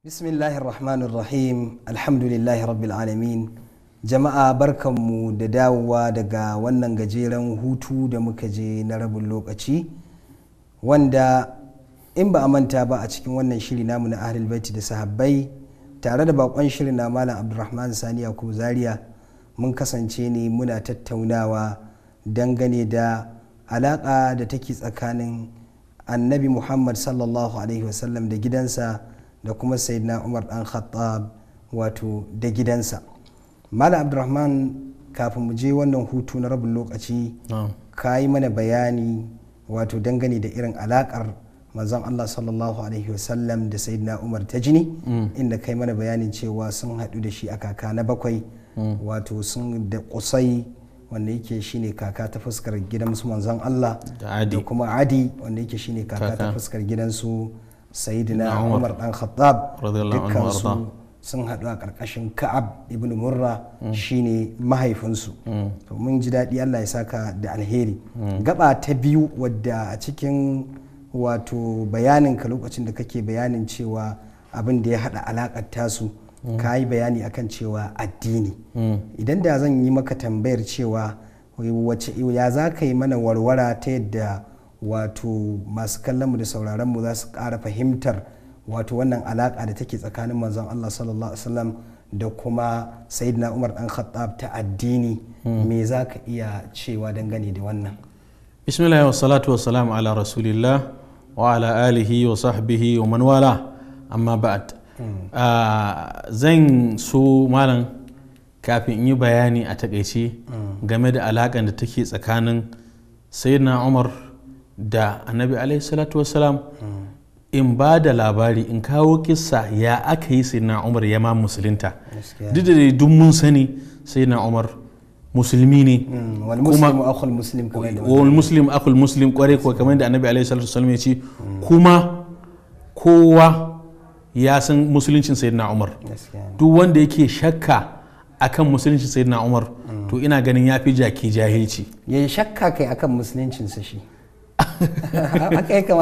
بسم الله الرحمن الرحيم الحمد لله رب jama'a barkanmu da dawowa daga wannan gajeren hutu da muka je na rabin lokaci wanda in ba a manta ba a cikin wannan shiri namu na ahlul baiti da sahabbai tare da baƙon shirin na malam abdulrahman sani yakubu zaria mun kasance ne muna tattaunawa dangane da alaƙa da take tsakanin annabi muhammad sallallahu alaihi wasallam da gidansa da kuma sayyidina umar dan khattab wato da gidansa malam abdurrahman kafin mu je wannan hutu na rabin lokaci ka yi mana bayani wato dangane da irin alakar manzon Allah sallallahu alaihi wasallam da sayyidina Umar ta jini mm. inda kai mana bayani cewa sun haɗu da shi a kaka na bakwai mm. wato sun da kusai wanda yake shine kaka ta fuskar gidan su Allah da kuma adi wanda yake shine kaka ta fuskar gidansu sayidina umar dan khattab dukkansu sun haɗu a ƙarƙashin ka'ab ibn murra mm. shine mahaifinsu mm. to mun ji daɗi allah ya saka da alheri mm. gaba ta biyu wadda a cikin wato bayaninka lokacin da kake bayanin cewa abin da ya haɗa alaƙar tasu ka yi bayani akan cewa addini idan da zan yi maka tambayar cewa wace ya za ka yi mana warwara ta yadda wato masu kallonmu da sauraronmu za su ƙara fahimtar wato wannan alaƙa da take tsakanin manzon Allah sallallahu alaihi wasallam da kuma sayyidina Umar dan Khattab ta addini hmm. me za ka iya cewa dangane da wannan bismillah wa salatu wa salam ala rasulillah wa ala alihi wa sahbihi wa man wala amma ba'd hmm. ah, zan so malam kafin in yi bayani a takaice hmm. game da alaƙar da take tsakanin sayyidina Umar da annabi alaihi salatu wasalam in ba da labari in kawo kisa ya aka yi sai na umar ya ma musulunta duk da duk mun sani sai na umar musulmi ne mm, wani wal muslim akul muslim kware kuwa kamar da annabi alaihi salatu wasalam ya ce kuma kowa ya san musuluncin sayyidina umar duk wanda yake shakka akan musuluncin sayyidina umar to ina ganin ya fi jaki jahilci ya shakka kai akan musuluncin sa shi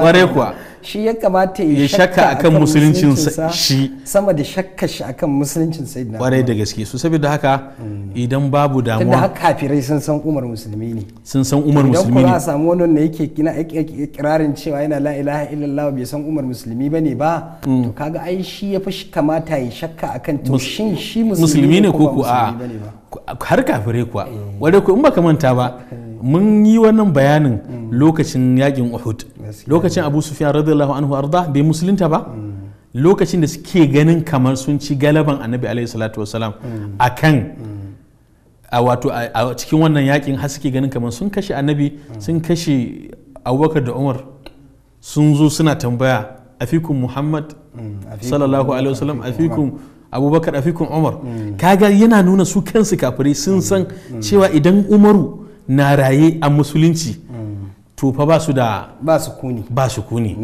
ware kuwa shi ya kamata ya shakka akan musuluncin shi sama da shakka shi akan musuluncin sayyidina ware da gaske su saboda haka hmm. idan babu damuwa tunda haka kafirai sun san umar musulmi ne sun san umar musulmi ne idan ku samu wani wanda yake kina ikirarin cewa yana la ilaha illallah bai san umar musulmi bane ba hmm. to kaga ai shi ya fi kamata ya shakka akan to shin shi musulmi ne ko ah, ku a har kafirai kuwa eh. ware ku in baka manta ba eh. mun yi wannan bayanin lokacin yakin uhud lokacin abu sufiyan radiyallahu anhu arda bai musulunta ba mm. lokacin da suke ganin kamar sun ci galaban annabi alaihi salatu wasalam mm. a kan mm. a wato a cikin wannan yakin har suke ganin kamar sun kashe annabi sun kashe abubakar da umar sun zo suna tambaya afikun muhammad sallallahu alaihi wasallam afikun abubakar afikun umar kaga yana nuna su kansu kafirai sun san cewa idan umaru na raye a musulunci tufa ba su da ba su kuni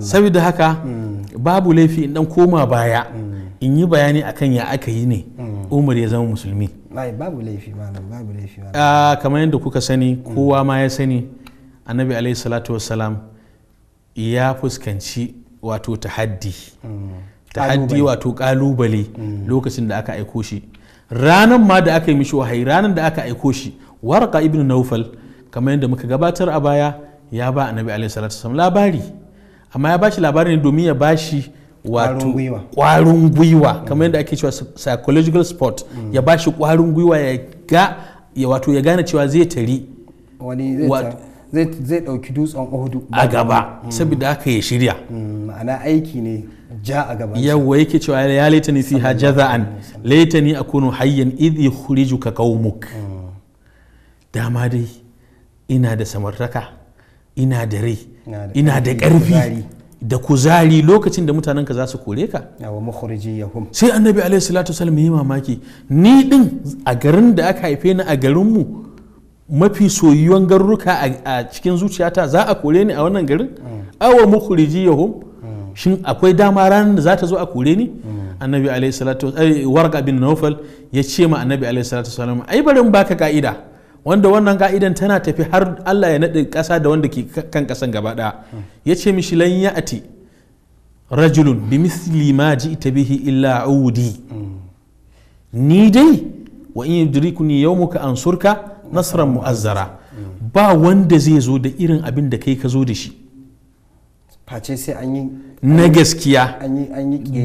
saboda haka mm. babu laifi in dan koma baya mm. in yi bayani akan ya aka yi ne mm. umar ya zama musulmi babu laifi babu laifi ah, kamar yadda kuka sani kowa ma ya sani annabi alaihi salatu wassalam ya fuskanci wato tahaddi tahaddi wato kalubale lokacin da aka aiko shi ranan ma da aka yi mishi wahayi ranan da aka aiko shi waraka ibn naufal kamar yadda muka gabatar a baya ya ba annabi alaihi salatu wasallam labari amma ya bashi labari ne domin ya bashi wato kwarin gwiwa kamar yadda ake cewa psychological sport ya bashi kwarin gwiwa ya ga ya wato ya gane cewa zai tari wani zai dauki dutsen uhudu a gaba saboda haka ya shirya mm, ma'ana aiki ne ja a gaba yawwa yake cewa ya laita ni fi hajaza'an laitani akunu hayyan idh ka qaumuk mm. dama dai ina da samartaka ina da rai ina da ƙarfi da kuzari lokacin da mutanenka za su kore ka sai annabi salatu wasallam yi mamaki ni din a garin da aka haife ni a garinmu mafi soyuwan garuruka a cikin zuciyata za a kore ni a wannan garin mm. awa mukhriji yahum mm. shin akwai dama ranar da za ta zo a kore ni mm. annabi alaihi salatu eh, warqa bin nawfal ya ce ma annabi alaihi salatu wasallam ai barin baka ka'ida wanda wannan ka'idan tana tafi har Allah ya naɗe ƙasa da wanda ke kan ƙasan gaba ɗaya ya ce mishi lan ya ati rajulun bi misli ma ta bihi illa audi ni dai wa in yudrikuni yawmuka ansurka nasran mu'azzara ba wanda zai zo da irin abin da kai ka zo da shi face sai an yi na gaskiya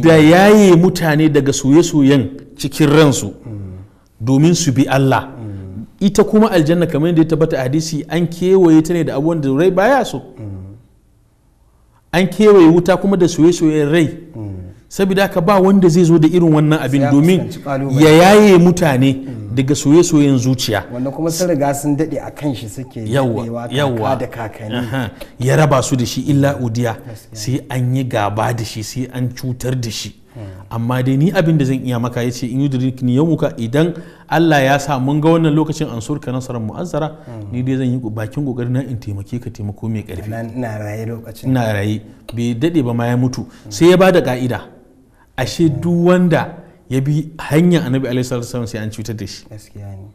da yaye mutane daga soye-soyen cikin ransu domin su bi Allah ita kuma aljanna kamar yadda ya tabbata a hadisi an kewaye ta ne da abubuwan da rai baya so an kewaye wuta kuma da soye-soyen rai saboda haka ba wanda zai zo da irin wannan abin domin ya yaye mutane daga soye-soyen zuciya wanda kuma sun riga sun daɗe a kan shi suke yawa da kakanni ya raba su da shi illa udiya sai an yi gaba da shi sai an cutar da shi amma dai ni abin da zan iya maka ya ce in yudrik ni yawmuka idan Allah ya sa mun ga wannan lokacin an surka nasarar mu'azzara mm. ni dai zan yi bakin kokarin na in taimake ka taimako mai karfi ina raye lokacin ina raye bai dade ba ma ya mutu sai ya bada ka'ida ashe mm. duk wanda ya bi hanyar annabi alaihi wasallam sai an cutar da shi gaskiya ne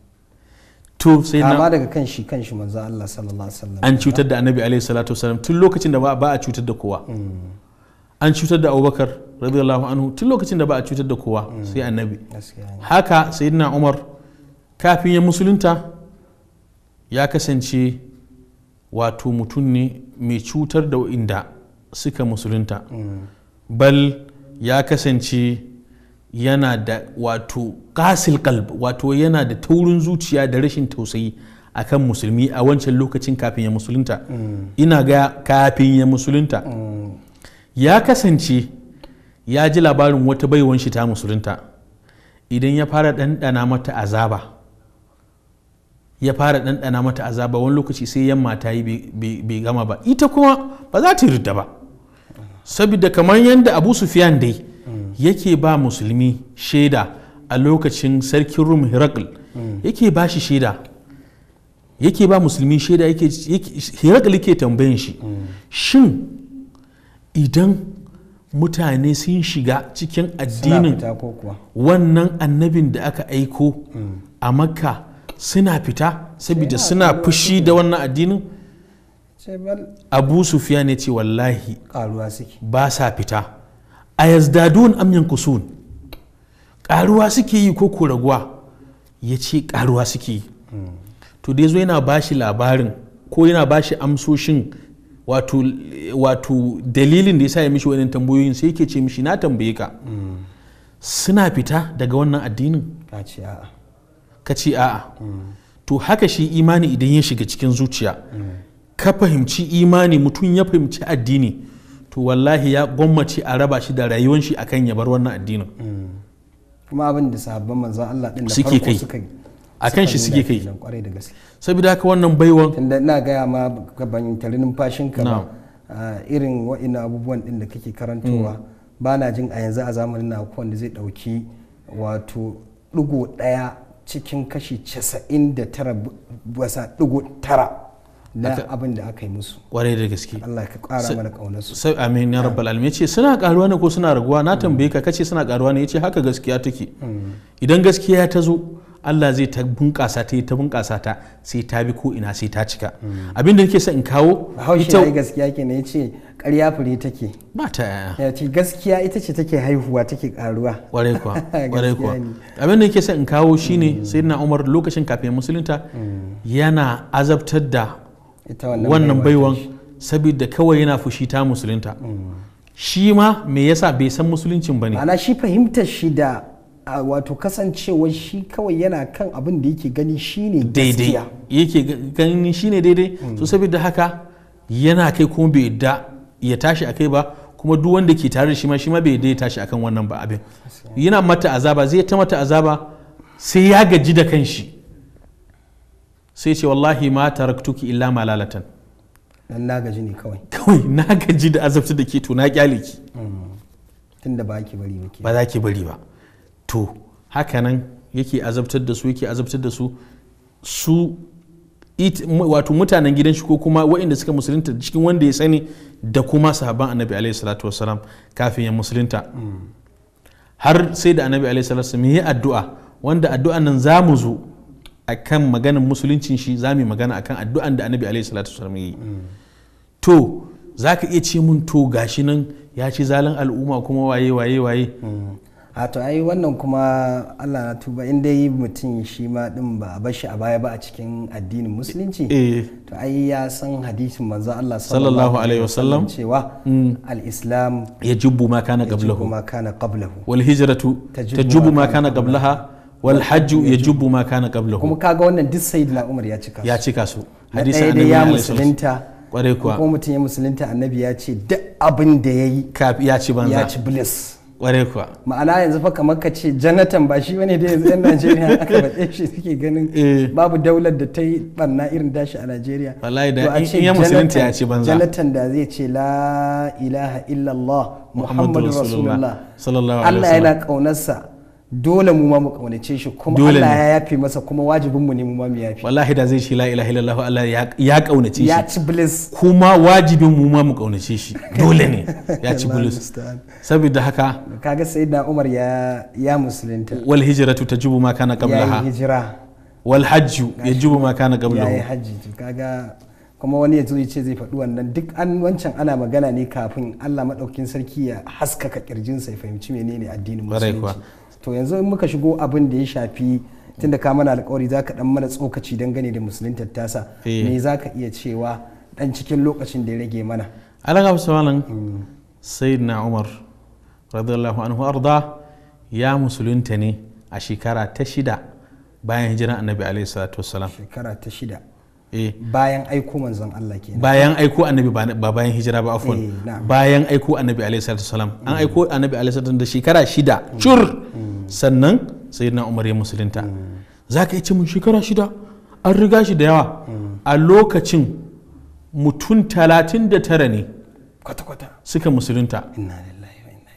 to sai na amma daga kan shi kan shi manzo Allah sallallahu alaihi wasallam an cutar da annabi alaihi wasallam tun lokacin da ba a cutar da kowa mm. an cutar da Abubakar radiyallahu anhu tun lokacin da ba a cutar da kowa mm. sai annabi haka sayyidina umar kafin ya musulunta ya kasance wato mutum ne mai cutar da inda suka musulunta mm. bal ya kasance yana da wato kasil kalb wato yana da taurin zuciya da rashin tausayi akan musulmi a wancan lokacin kafin ya musulunta mm. ina ga kafin ya musulunta ya kasance ya ji labarin wata baiwan shi ta musulunta idan ya fara ɗanɗana mata azaba ya fara ɗanɗana mata azaba wani lokaci sai yamma ta yi bai gama ba ita kuma ba za ta rudda ba saboda kamar yadda abu sufiyan dai yake ba musulmi shaida a lokacin sarkin rum hirakl yake ba shi shaida yake ba musulmi shaida yake yake tambayin shi shin idan mutane sun shiga cikin addinin wannan annabin da aka aiko a makka suna fita saboda suna fushi da wannan addinin abu sufiya ne ce wallahi ba sa fita a yazdadun amyan kusun karuwa suke yi ko koraguwa ya ce karuwa suke yi hmm. to dai zo yana bashi labarin ko yana bashi amsoshin wato dalilin da ya sa ya mishi wani tambayoyin sai yake ce mishi na tambaye ka suna fita daga wannan addinin ka ce a'a to haka shi imani idan ya shiga cikin zuciya ka fahimci imani mutum ya fahimci addini to wallahi ya gwammace a raba shi da rayuwan shi akan ya bar wannan addinin kuma abin da sahabban manzan Allah din da farko suka yi a kan shi suke kai saboda haka wannan baiwan tunda na gaya ma ban tare numfashin ka irin wa'ina abubuwan din da kake karantowa mm. ba na jin a yanzu a zamanin na akwai wanda zai dauki wato digo daya cikin kashi 99 wasa digo tara na abin da aka yi musu kwarai da gaske Allah ka kara mana kaunarsu sai amin ya rabbal alamin yace suna karuwa ne ko suna raguwa na mm. tambaye ka kace suna karuwa ne yace haka gaskiya take mm. idan gaskiya ta zo Allah zai ta bunƙasa ta yi ta bunƙasa ta sai ta bi ko ina sai ta cika abin da nake son in kawo ita gaskiya ke ne yace ƙarya fure take ba ta ya ce gaskiya ita ce take haihuwa take karuwa ware kuwa ware kuwa abin da nake son in kawo shine sayyidina Umar lokacin kafin musulunta yana azabtar da wannan baiwan saboda kawai yana fushi ta musulunta mm. shi ma me yasa bai san musuluncin ba ne ana shi fahimtar shi da wato kasancewa shi kawai yana kan abin da yake gani shine daidai yake gani shine daidai mm. so saboda haka yana kai kuma bai da ya tashi akai ba kuma duk wanda ke tare da shi ma shi ma bai da ya tashi akan wannan ba abin yana mata azaba zai ta mata azaba sai ya gaji da kanshi sai ce wallahi ma taraktuki illa malalatan dan na gaji ne kawai kawai na gaji da azabta da ke to na kyale ki mm. tunda ba ki bari ba ba za ki bari ba to hakanan yake azabtar da su yake azabtar da su su wato mutanen gidan shi ko kuma waɗanda suka musulunta cikin wanda ya sani da kuma sahaban annabi alaihi salatu wasalam kafin ya musulunta har sai da annabi alaihi salatu wasalam yi addu'a wanda addu'an nan za mu zo akan maganar musuluncin shi za mu yi magana akan addu'an da annabi alaihi salatu wasalam yi to za ka iya ce mun to gashi nan ya ci zalin al'umma kuma waye waye waye a to ai wannan kuma allah na tuba in dai mutum shi ma din ba a bashi a baya ba a cikin addinin musulunci eh. to ai ya san hadisin manzo allah sallallahu alaihi wasallam cewa hmm. al-islam ya jubu ma kana qablahu wal hijratu jubu ma kana qablaha wal hajju ya jubu ma kana qablahu kuma kaga wannan duk sayyidina umar ya cika ya cika su hadisin annabi ya musulunta kwarai kuwa kuma mutum ya musulunta annabi ya ce duk abin da yayi ya ci banza ya ci bliss Ware kuwa. Ma'ana yanzu fa kamar ka ce janatan ba shi bane da yanzu 'yan Najeriya aka baɗe shi suke ganin eh. babu daular da ta yi barna irin dashi a Najeriya. Wallahi da in ya musulunta ya ce banza. da zai ce la ilaha illallah Muhammadu Rasulullah. Allah yana ƙaunarsa. dole mu ma mu kaunace shi kuma Allah ya yafe masa kuma wajibinmu ne mu ma mu yafe wallahi da zai shi la ilaha illallah Allah ya kaunace shi ya ci bliss kuma wajibin mu ma mu kaunace shi dole ne ya ci bliss saboda haka kaga sayyidina Umar ya ya musulunta wal hijratu tajibu ma kana qablaha ya hijra wal hajju yajibu ma kana qablahu ya hajji kaga kuma wani yanzu ya ce zai faɗi wannan duk an wancan ana magana ne kafin Allah madaukin sarki ya haskaka kirjinsa ya fahimci menene addinin musulunci to yanzu in muka shigo abin da ya shafi tunda da mana alkawari za ka dan mana tsokaci dangane da musulun tattasa eh. me za ka iya cewa dan cikin lokacin da ya rage mana alaga musamman sayyidina umar radiyallahu anhu arda ya musulunta ne a shekara ta shida bayan hijiran annabi alaihi salatu wasalam shekara ta shida eh. bayan aiko manzon Allah kenan bayan aiko annabi ba bayan hijira ba afwan eh, bayan aiko annabi alaihi salatu wasalam an mm. aiko annabi alaihi salatu da shekara shida mm. cur mm. sannan sai na umar ya musulunta za ka ce mun shekara shida an riga shi da yawa a lokacin mutum talatin da tara ne suka musulunta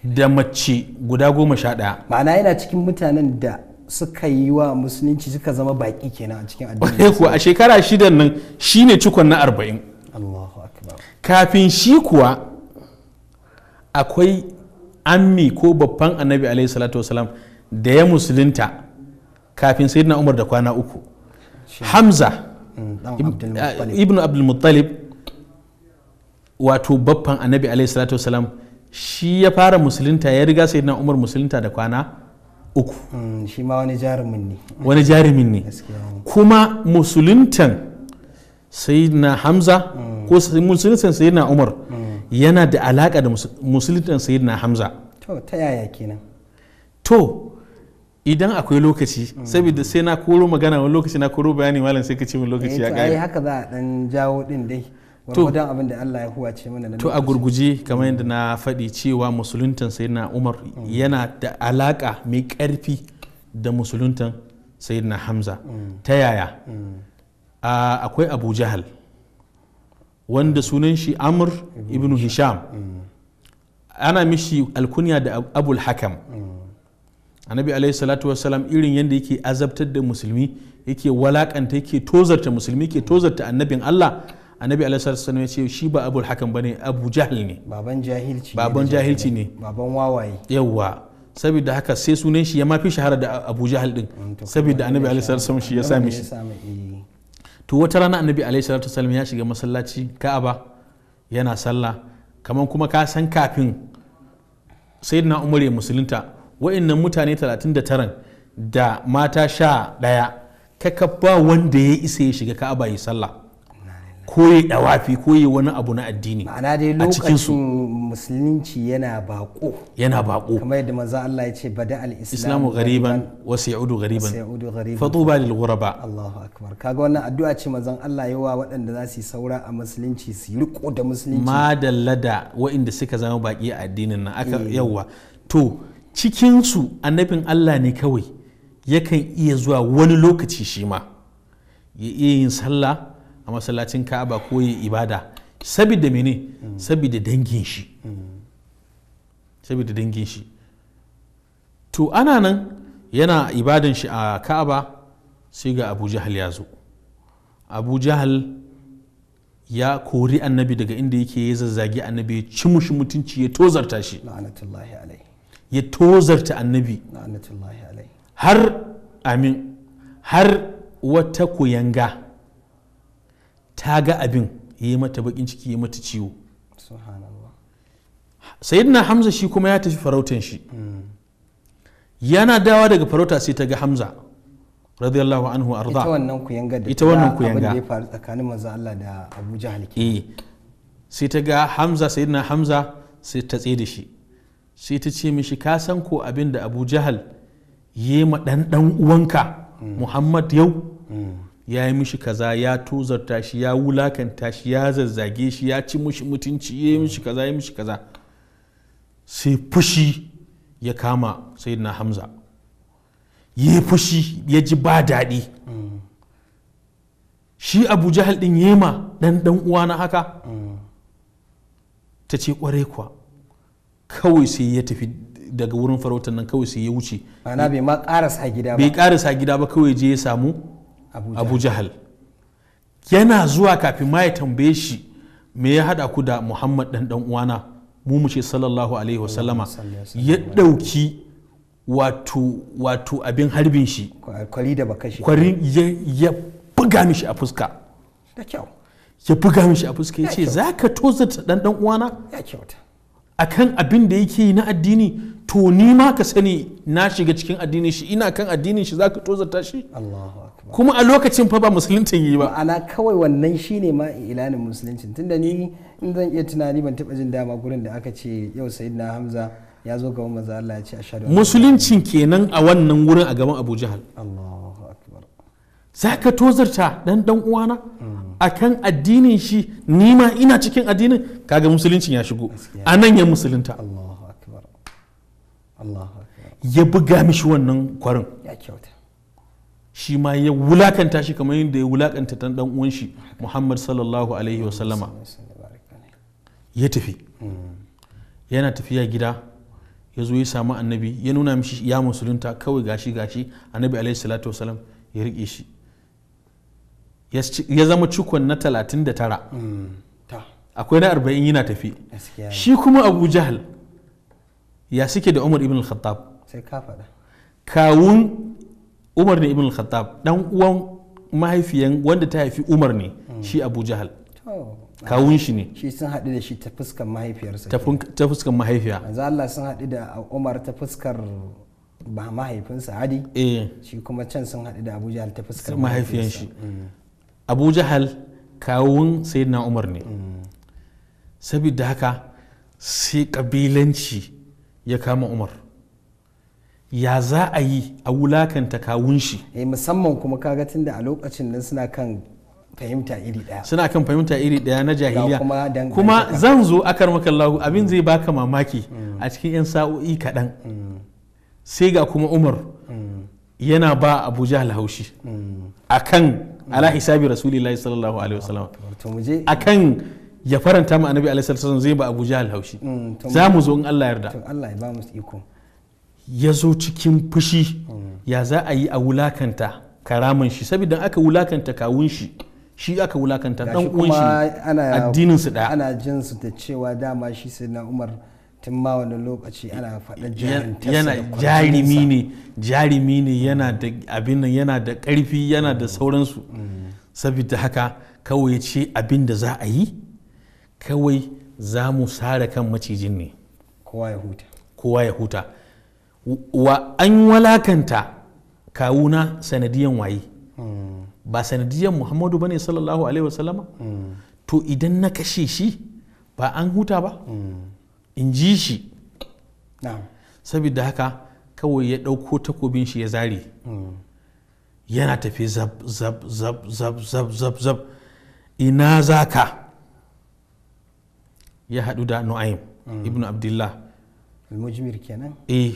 da mace guda goma sha ɗaya ma'ana yana cikin mutanen da suka yi wa musulunci suka zama baki kenan a cikin addini a shekara shidan nan shine cikon na arba'in kafin shi kuwa akwai ammi ko babban annabi alaihi salatu wasalam da ya musulunta kafin sayidina umar da kwana uku hamza mm, ibn abdulmuttalib eh, wato babban annabi alaihi salatu wasalam shi ya fara musulunta ya riga sayidina umar musulunta da kwana uku mm, shi ma wani jarumin ne wani jarumin ne kuma musuluntan sayidina hamza mm. ko musuluntan sayidina umar yana da alaka da musuluntan sayidina hamza to ta yaya kenan to idan akwai lokaci saboda sai na koro magana wani lokaci na koro bayani malam sai ka ce min lokaci ya gaya eh haka za a dan jawo din dai abin da Allah ya huwace mana to a gurguje kamar yadda na faɗi cewa musuluntan sayyidina Umar yana da alaka mai ƙarfi da musuluntan sayyidina Hamza ta yaya akwai Abu Jahal wanda sunan shi Amr ibn Hisham ana mishi alkunya da Abul Hakam mm. annabi alaihi salatu wasalam irin yadda yake azabtar da musulmi yake walakanta yake tozarta musulmi yake tozarta annabin Allah annabi alaihi salatu wasalam ya ce shi ba abul hakan bane abu jahil ne baban jahilci baban jahilci ne baban wawaye yawa saboda haka sai sunan shi ya mafi shahara da abu jahil din mm, saboda annabi alaihi salatu wasalam shi ya sami shi eh. to wata rana annabi alaihi salatu wasalam ya shiga masallaci ka'aba yana sallah kamar kuma ka san kafin sayyidina umar ya musulunta wa'annan mutane 39 da mata sha ɗaya kaka ba wanda ya isa ya shiga ka'aba ya sallah ko ya dawafi ko ya wani abu na addini ma'ana dai lokacin musulunci yana bako yana bako kamar yadda manzo Allah ya ce bada al islamu ghariban wa sayudu ghariban fatuba lil ghuraba Allahu akbar kaga wannan addu'a ce manzon Allah yawa waɗanda za su yi saura a musulunci su yi riko da musulunci ma dallada waɗanda suka zama baki a addinin nan aka eh. yawa to cikinsu annabin Allah ne kawai yakan iya zuwa wani lokaci shi ma ya iya yin sallah a masallacin ka'aba ko ya ibada sabida mene sabida dangin shi sabida dangin shi to ana nan yana ibadan shi a ka'aba sai ga abu jahal ya zo abu jahal ya kori annabi daga inda yake ya zazzagi annabi ya ci mushi mutunci ya tozarta shi ya tozarta annabi har amin har wata kuyanga ta ga abin ya yi mata bakin ciki ya mata ciwo sayyidina hamza shi kuma ya tafi farautan shi hmm. yana dawa daga farauta sai ta ga hamza radiyallahu anhu arda ita wannan kuyanga da abin da ya faru tsakanin manzo Allah da Abu Jahal eh, sai ta ga Hamza sayyidina Hamza sai ta tsaye da shi sai ta ce mishi ka san ko abin da abu jahal yi ma ɗan ɗan uwanka muhammad yau ya yi mishi kaza ya tozarta shi ya wulakanta shi ya zazzage shi ya ci mishi mutunci ya yi mishi kaza ya mishi kaza sai fushi ya kama sayyidina hamza ya yi fushi ya ji ba daɗi shi abu jahal ɗin yema ɗan ɗanɗan uwa na haka ta ce ƙwarai kuwa kawai sai ya tafi daga wurin farautar nan kawai sai ya wuce ma'ana bai ma karasa gida ba bai karasa gida ba kawai je ya samu abu jahal yana zuwa kafin ma ya tambaye shi me ya hada ku da muhammad dan dan uwana mu mu ce sallallahu alaihi wa sallama ya dauki wato wato abin harbin shi kwari da shi kwari ya buga mishi a fuska da kyau ya buga mishi a fuska ya ce za ka tozata dan dan uwana ya kyauta akan abin da yake yi na addini to ni ma ka sani na shiga cikin addinin shi ina kan addinin shi zaka tozata shi kuma a lokacin fa ba musuluncin yi ba ana kawai wannan shine ma ilanin musuluncin tunda ni in zan iya tunani ban taba jin dama gurin da aka ce yau sayyidina hamza ya zo gaban manzo Allah ya ce a ashhadu musuluncin kenan a wannan wurin a gaban Abu Jahal Allahu za ka tozarta dan dan uwana kan addinin shi ni ma ina cikin addinin kaga musuluncin ya shigo a nan ya musulunta ya buga mishi wannan kwarin shi ma ya wulakanta shi kamar yadda ya wulakanta dan dan uwan shi Muhammad sallallahu alaihi wa sallama ya tafi hmm. yana tafiya gida ya zo ya samu annabi ya nuna mishi ya musulunta kawai gashi gashi annabi alaihi salatu wasalam ya riƙe shi ya zama cikon na 39 akwai na 40 yana tafi shi kuma abu jahal ya suke da umar ibn al-khattab sai ka faɗa kawun umar ne ibn al-khattab dan uwan mahaifiyan wanda ta haifi umar ne shi abu jahal kawun shi ne shi sun haɗu da shi ta fuskar mahaifiyarsa ta fuskar mahaifiya manzo Allah sun haɗu da Umar ta fuskar mahaifinsa Hadi eh shi kuma can sun haɗu da Abu ta fuskar mahaifiyan shi abu jahal kawun sayyidina umar ne saboda haka sai kabilanci ya kama umar ya za a yi a wulakanta kawun shi eh, musamman kuma kaga tunda a lokacin nan suna kan fahimta iri daya suna kan fahimta iri daya na jahiliya kuma zan zo a akar lahu abin zai baka mamaki a cikin 'yan sa'o'i kaɗan sai ga kuma umar mm. yana ba abu jahal haushi mm. a kan ala hisabi rasulillahi sallallahu alaihi wasallam akan ya faranta mu annabi alaihi sallallahu zai ba abu jahal haushi mm, za mu zo in Allah yarda Allah ya ba mu iko ya zo cikin fushi mm. ya za a yi a wulakanta karamin shi saboda aka wulakanta kawun shi shi aka wulakanta dan uwan shi addinin su da ana jin su da cewa dama shi sayyidina Umar tun ma wani lokaci ana faɗa yana jarimi ne jarimi ne yana da abin nan yana da ƙarfi yana da sauransu saboda haka kawai ya ce abin da za a yi kawai za mu sare kan macijin ne kowa ya huta kowa ya huta wa an walakanta kawuna sanadiyan waye hmm. ba sanadiyan muhammadu bane sallallahu alaihi wasallama hmm. to idan na kashe shi ba an huta ba hmm. in ji shi saboda haka kawai ya ɗauko takobin shi ya zare hmm. yana tafi zab zab zab zab zab zab zab ina za ka? ya haɗu da nu'aim hmm. ibn abdullah almujmir kenan eh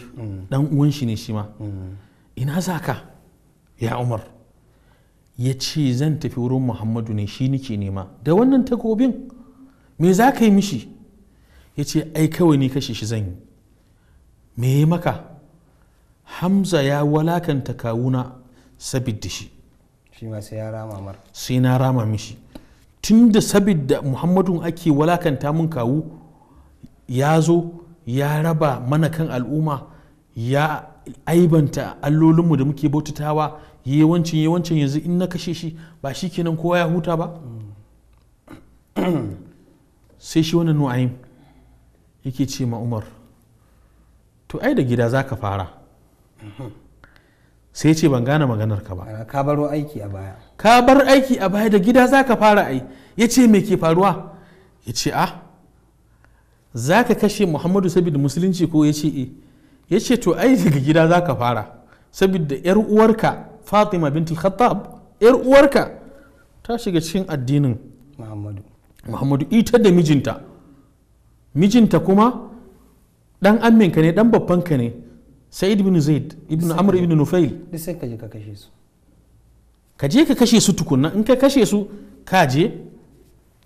dan hmm. uwan shi ne shi ma ina ka? ya umar ya ce zan tafi wurin muhammadu ne shi nike nema da wannan takobin me za ka yi mishi ya ce ai kawai ni kashe shi zan yi me ya maka hamza ya walakanta kawuna sabid da shi sai na rama mishi tun da sabid da muhammadun ake walakanta mun kawu ya zo ya raba mana kan al'umma ya aibanta allolinmu da muke bautatawa yawancin yawancin yanzu in na kashe shi ba shi kenan kowa ya huta ba mm. sai shi wannan nu'ayin yake ce ma umar to ai da gida za ka fara mhm. sai ce ban gane maganar ka ba ka baro aiki a baya ka bar aiki a baya da gida za ka fara ai ya ce me ke faruwa ya ce a ah, za ka kashe muhammadu saboda musulunci ko ya ce e ya ce to ai daga gida za ka fara saboda yar uwarka fatima bintul khattab yar uwarka ta shiga cikin addinin muhammadu muhammadu ita da mijinta mijinta kuma dan amminka ne dan babbanka ne sa'id ibn zaid ibn amr ibn nufail ka je ka kashe su ka ka kashe su tukunna in ka kashe su ka je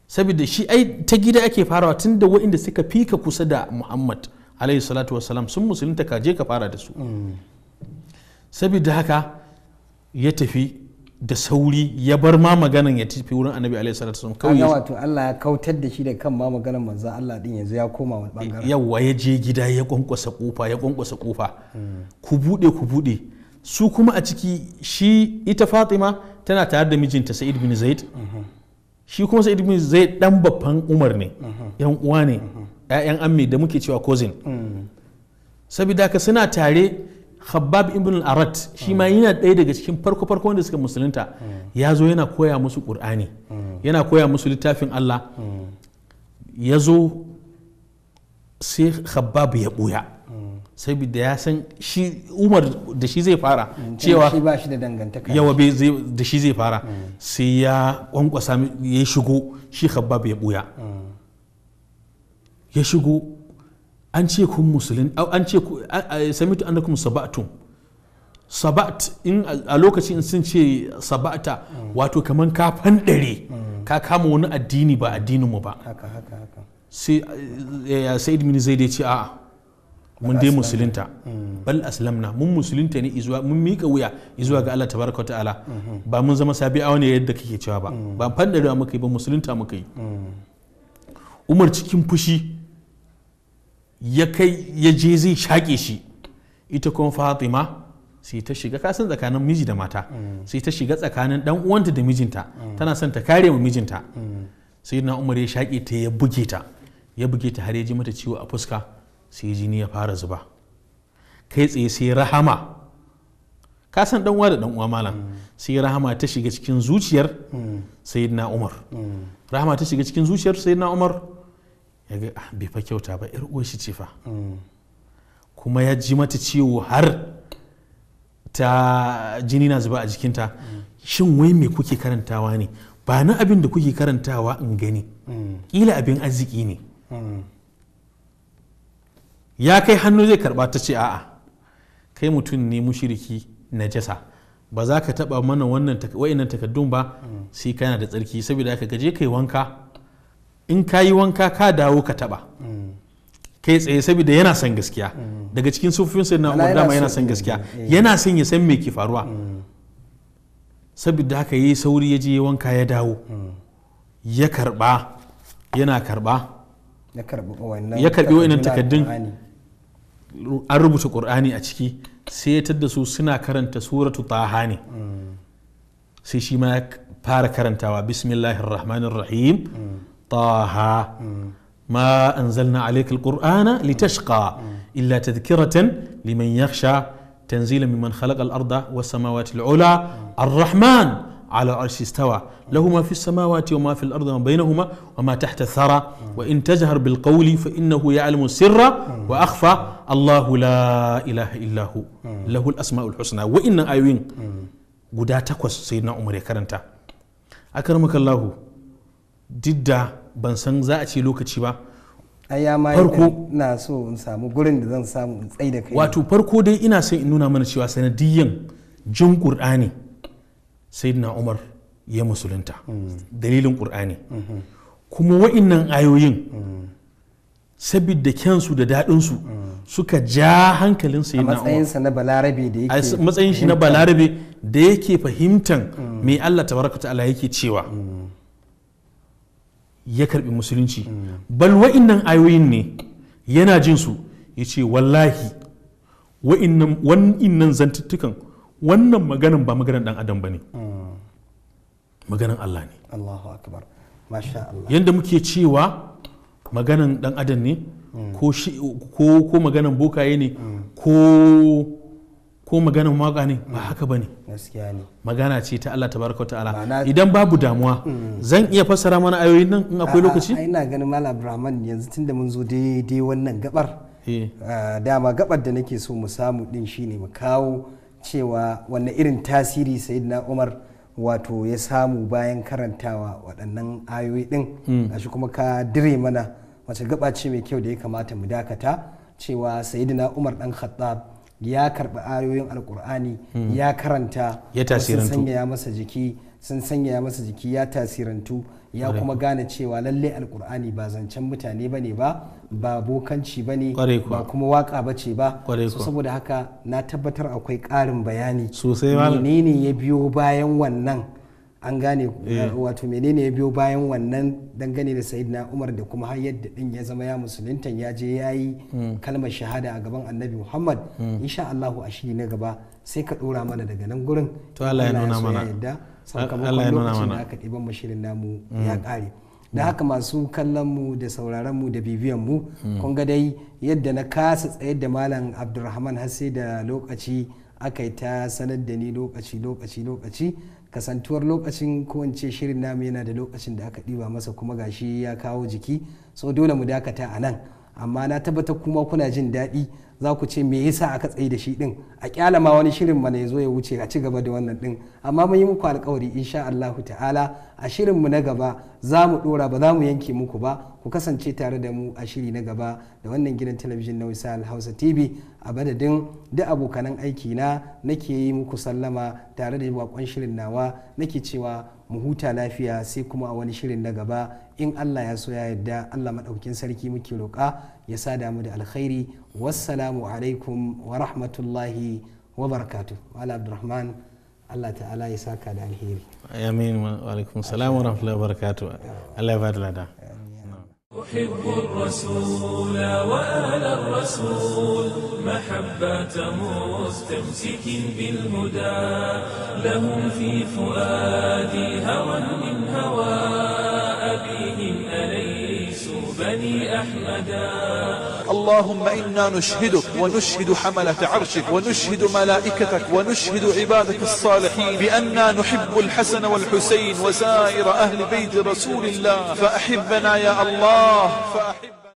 saboda shi ai ta gida ake farawa tun da waɗanda suka fika kusa da muhammad alayhi salatu wasalam sun musulunta ka je ka fara da su mm. saboda haka ya tafi da sauri ya bar ma maganan ya tafi wurin annabi alaihi salatu wasallam kawai ya wato Allah ya kautar da shi da kan ma maganan manzo Allah din yanzu ya koma wani bangare yawa ya je gida ya kwankwasa kofa ya kwankwasa kofa ku bude ku bude su kuma a ciki shi ita Fatima tana tare da mijinta Sa'id bin Zaid mhm. shi kuma Sa'id bin Zaid dan babban Umar ne mhm. yan uwa ne ƴaƴan mhm. amme da muke cewa cousin mm. saboda ka suna tare khabbab ibn al-arat shi ma yana ɗaya daga cikin farko farko wanda suka musulunta ya zo yana koya musu qur'ani yana koya musu littafin Allah ya zo sai khabbab ya buya da ya san shi umar da shi zai fara mm, cewa shi ba shi da dangantaka yawa da shi zai fara sai ya kwankwasa ya shigo shi khabbab ya buya mm. ya shigo an ce kun musulun an ce samitu annakum sabatu sabat in a lokacin sun ce sabata mm. wato kaman ka dare mm. ka kama wani addini ba addinin mu ba sai eh, sa'id min zai dai ce a'a mun dai musulunta mm. bal aslamna mun musulunta ne izuwa mun mika wuya izuwa ga Allah tabaraka wa ta'ala mm-hmm. ba mun zama a ne yadda kake cewa ba ba fandarewa muka yi ba musulunta muka yi umar cikin fushi ya kai ya je zai shaƙe shi ita kuma fatima sai ta shiga kasan tsakanin miji da mata sai ta shiga tsakanin dan uwanta da mijinta tana son ta kare wa mijinta sai na umar ya shaƙe ta ya buge ta ya buge ta har ya ji mata ciwo a fuska sai jini ya fara zuba kai tsaye sai rahama kasan san dan uwa da dan uwa malam sai rahama ta shiga cikin zuciyar sayyidina umar rahama ta shiga cikin zuciyar sayyidina umar ya ga ah, bai fa kyauta ba yar uwar shi ce fa mm. kuma ya ji mata ciwo har ta jini na zuba a jikinta mm. shin wai me kuke karantawa ne ba na abin da kuke karantawa in gani mm. ƙila abin arziki ne ya kai hannu zai karba ta ce a'a kai mutum ne mushiriki na jasa ba za ka taba mana wannan takaddun ba sai kana da tsarki saboda ka gaje kai wanka in ka yi wanka ka dawo ka taba kai tsaye saboda yana son gaskiya daga cikin sai na umar dama yana son gaskiya eh. yana son ya san me ke faruwa mm. saboda haka yi sauri ya je wanka ya dawo mm. ya karba yana karba ya karbi wa'annan takaddun an rubuta qur'ani a ciki sai ya tadda su suna karanta suratu taha ne mm. sai shi ma ya fara karantawa bismillahir rahmanir rahim طه ما أنزلنا عليك القرآن لتشقى إلا تذكرة لمن يخشى تنزيلا ممن خلق الأرض والسماوات العلى الرحمن على العرش استوى له ما في السماوات وما في الأرض وما بينهما وما تحت الثرى وإن تجهر بالقول فإنه يعلم السر وأخفى الله لا إله إلا هو له الأسماء الحسنى وإن آيوين قدا تكوس سيدنا عمر يكرنتا أكرمك الله duk da ban san za a ce lokaci ba farko na so in samu gurin da zan samu in tsaye da kai wato farko dai ina son in nuna mana cewa sanadiyyan jin qur'ani sayyidina umar ya musulunta dalilin qur'ani kuma wa'innan ayoyin sabida kyansu da daɗinsu suka ja hankalin sa yana sa na balarabe da yake matsayin shi na balarabe da yake fahimtan me Allah tabaraka ta'ala yake cewa ya karbi musulunci bal wa'innan ayoyin ne yana jin su ya ce wallahi wa'innan zantuttukan wannan maganan ba maganan dan adam ba ne maganan Allah ne Yadda muke cewa maganan dan adam ne ko ko maganan bokaye ne ko ko maganin waka ne ba haka bane magana ce ta Allah tabaraka ta'ala idan babu damuwa mm. zan iya fassara mana ayoyin nan in akwai lokaci a ina ganin mala brahman yanzu da mun zo daidai wannan gabar eh. dama gabar da nake so mu samu din shine mu kawo cewa wanne irin tasiri sayyidina umar wato ya samu bayan karantawa waɗannan ayoyi din mm. shi kuma ka dire mana wace gaba ce mai kyau da ya kamata mu dakata cewa sayyidina umar dan khattab ya karɓi ayoyin alkur'ani hmm. ya karanta sun ya masa jiki sun sanyaya masa jiki ya tasirantu ya kuma gane cewa lallai alkur'ani ba zancen mutane ba ne ba ba bokanci ba ne ba kuma waka ba ce ba so saboda haka na tabbatar akwai ƙarin bayani ne ya biyo bayan wannan an gane eh. wato menene ya biyo bayan wannan dangane da na umar da kuma har yadda din ya zama ya musulintan ya je ya yi hmm. kalmar shahada a gaban annabi muhammad hmm. insha allahu a shi na gaba sai ka dora mana daga nan gurin to allah ya nuna mana yadda sakamakon lokacin da aka ɗiban mashirin namu hmm. ya ƙare da haka masu kallon mu da sauraron mu da bibiyan mu kun ga dai yadda na kasa tsayar da malam abdulrahman har sai da lokaci aka yi ta sanar da ni lokaci lokaci lokaci kasantuwar lokacin kowace shirin namu yana da lokacin da aka ɗiba masa kuma gashi ya kawo jiki so dole mu dakata a nan amma na tabbatar kuma kuna jin daɗi za ku ce me yasa aka tsaye da shi din a kyala ma wani shirin mana ya zo ya wuce a ci gaba da wannan din amma mun yi muku alkawari insha Allahu ta'ala a shirin mu na gaba za mu dora ba za mu yanke muku ba ku kasance tare da mu a shiri na gaba da wannan gidan talabijin na Wisal Hausa TV a badadin duk abokanan aiki na nake yi muku sallama tare da bakon shirin nawa nake cewa mu huta lafiya sai kuma a wani shirin na gaba in Allah ya so ya yarda Allah madaukakin sarki muke roƙa يسادام على خير والسلام عليكم ورحمة الله وبركاته وعلى عبد الرحمن الله تعالى يساك على الهير أمين وعليكم السلام ورحمة الله وبركاته الله يبارك الله أحب الرسول وآل الرسول محبته مستمسك بالهدى لهم في فؤادي هوى من هواه أحمدا اللهم إنا نشهدك ونشهد حملة عرشك ونشهد ملائكتك ونشهد عبادك الصالحين بأننا نحب الحسن والحسين وسائر أهل بيت رسول الله فأحبنا يا الله فأحبنا